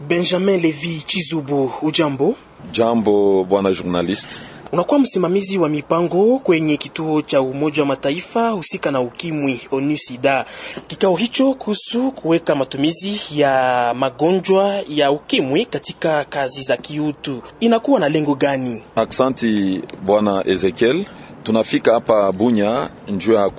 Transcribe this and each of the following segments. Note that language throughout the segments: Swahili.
Benjamin Levi Chizubu, ujambo. Jambo bwana journalist. Unakuwa msimamizi wa mipango kwenye kituo cha Umoja wa Mataifa husika na ukimwi ONUSIDA. sida Kikao hicho kuhusu kuweka matumizi ya magonjwa ya ukimwi katika kazi za kiutu inakuwa na lengo gani? Aksanti bwana Ezekiel tunafika hapa Bunya njuu ya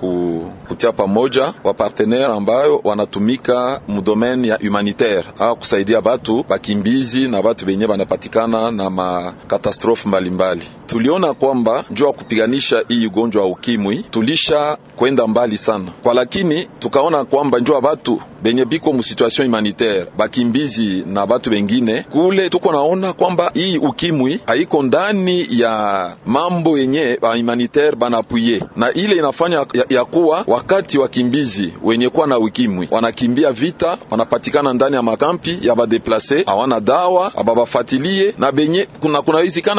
kutia pamoja wa partenaire ambayo wanatumika mudomeni ya humanitaire au kusaidia batu bakimbizi na batu benye banapatikana na makatastrofe mbalimbali. Tuliona kwamba njuu ya kupiganisha hii ugonjwa wa ukimwi tulisha kwenda mbali sana kwa, lakini tukaona kwamba njuu ya batu benye biko musituation humanitaire bakimbizi na batu bengine kule, tuko naona kwamba hii ukimwi haiko ndani ya mambo yenye humanitaire humanitaire banapuye na ile inafanya ya, ya kuwa wakati wakimbizi wenye kuwa na ukimwi wanakimbia vita wanapatikana ndani ya makampi ya badeplase, hawana dawa ababafatilie na benye kuna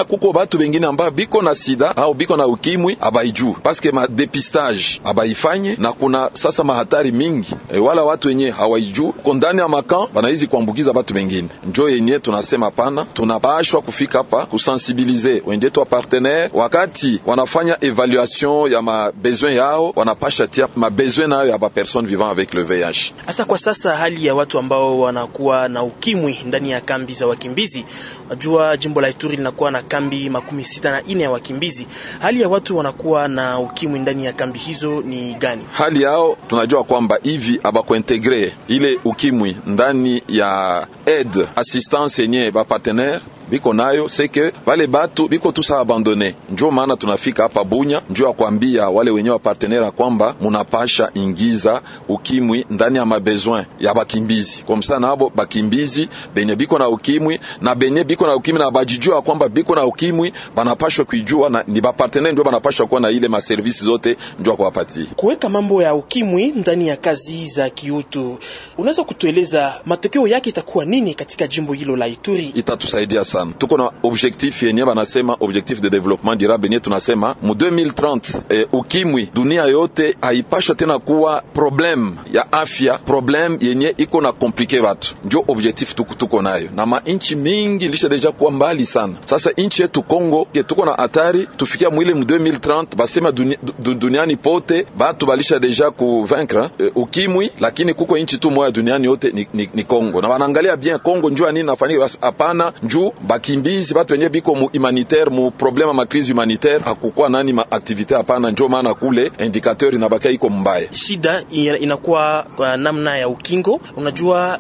kuko batu bengine ambao biko na sida au biko na ukimwi abaijuu paske madepistage abaifanye, na kuna sasa mahatari mingi e, wala watu wenye hawaijuu ko ndani ya makamp banawezi kuambukiza batu bengine. Njo yenye tunasema pana tunapashwa kufika hapa kusensibilize wendetu wa partenaire wakati wanafanya evaluation ya mabezwin yao wanapasha tia mabezwin nayo ya bapersone vivant avec le VIH. Hasa kwa sasa hali ya watu ambao wanakuwa na ukimwi ndani ya kambi za wakimbizi, najua jimbo la Ituri linakuwa na kambi makumi sita na ine ya wakimbizi. Hali ya watu wanakuwa na ukimwi ndani ya kambi hizo ni gani? Hali yao tunajua kwamba hivi abakuintegre ile ukimwi ndani ya aide assistance yenye ba partenaire biko nayo seke vale batu biko tusa abandone, njo maana tunafika hapa Bunya njuu ya kuambia wale wenyewe wa partenera kwamba munapasha ingiza ukimwi ndani ya mabezoin ya bakimbizi, kwa msana abo bakimbizi benye biko na ukimwi na benye biko na ukimwi na bajijua kwamba biko na ukimwi banapashwa kuijua na ni bapartenere ndio banapashwa kuwa na ile maservisi zote njuu ya kuwapatia kuweka mambo ya ukimwi ndani ya kazi za kiutu. Unaweza kutueleza matokeo yake itakuwa nini katika jimbo hilo la Ituri? Itatusaidia sana, tuko na objectif yenye banasema objectif de development durable yenyewe tunasema 2030 eh, ukimwi dunia yote haipashwa tena kuwa problem ya afya, problem yenye iko na komplike watu. Njo objectif tuko, tuko nayo na mainchi mingi lisha deja kuwa mbali sana. Sasa inchi yetu Kongo ke tuko na hatari tufikia mwile mu 2030 basema dunia, duniani pote batu balisha deja vaincre eh, ukimwi, lakini kuko inchi tu moya duniani yote ni, ni, ni Kongo na wanaangalia bien Kongo njua nini nafanyika. Hapana, njuu bakimbizi batu wenye biko mu humanitaire mu problema ma crise humanitaire akukua nani nini maaktivite hapana. Njo maana kule indikateur inabakia iko mbaya, shida inakuwa kwa namna ya ukingo. Unajua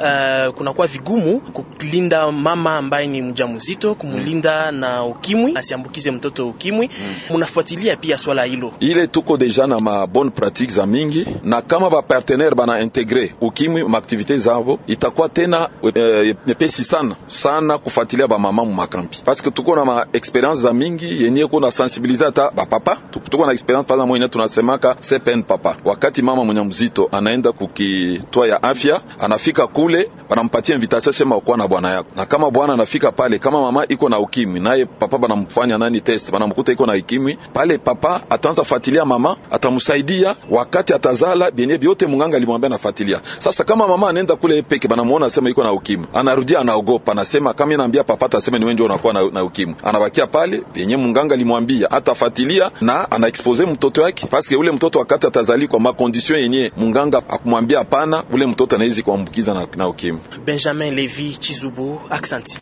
uh, kunakuwa vigumu kulinda mama ambaye ni mjamzito kumlinda mm. na ukimwi asiambukize mtoto ukimwi. Hmm. Munafuatilia mm. pia swala hilo, ile tuko deja na ma bonne pratique za mingi, na kama ba partenaire bana integre ukimwi ma maaktivite zabo itakuwa tena e, uh, sana sana kufuatilia ba mama mu makampi, parce que tuko na ma experience za mingi yenye kuna sensibiliser ta ba papa, tukutoka na experience pala mwenye tunasemaka sepen papa. Wakati mama mwenye mzito anaenda kukitoa ya afya, anafika kule wanampatia invitation sema uko na bwana yako, na kama bwana anafika pale, kama mama iko na ukimwi naye papa banamfanya nani test, banamkuta iko na ukimwi pale, papa ataanza fuatilia mama, atamsaidia wakati atazala bienye biote munganga alimwambia nafuatilia. Sasa kama mama anaenda kule peke, banamuona sema iko na ukimwi, anarudia anaogopa, anasema kama naambia papa atasema ni wewe ndio unakuwa na, na ukimwi, anabakia pale bienye munganga alimwambia atafuatilia anakuya na anaexpose mtoto yake, paske ule mtoto wakati atazali kwa makondision yenye munganga akumwambia hapana, ule mtoto anaizi kuambukiza na, na ukimwi. Benjamin Levi Chizubu, aksanti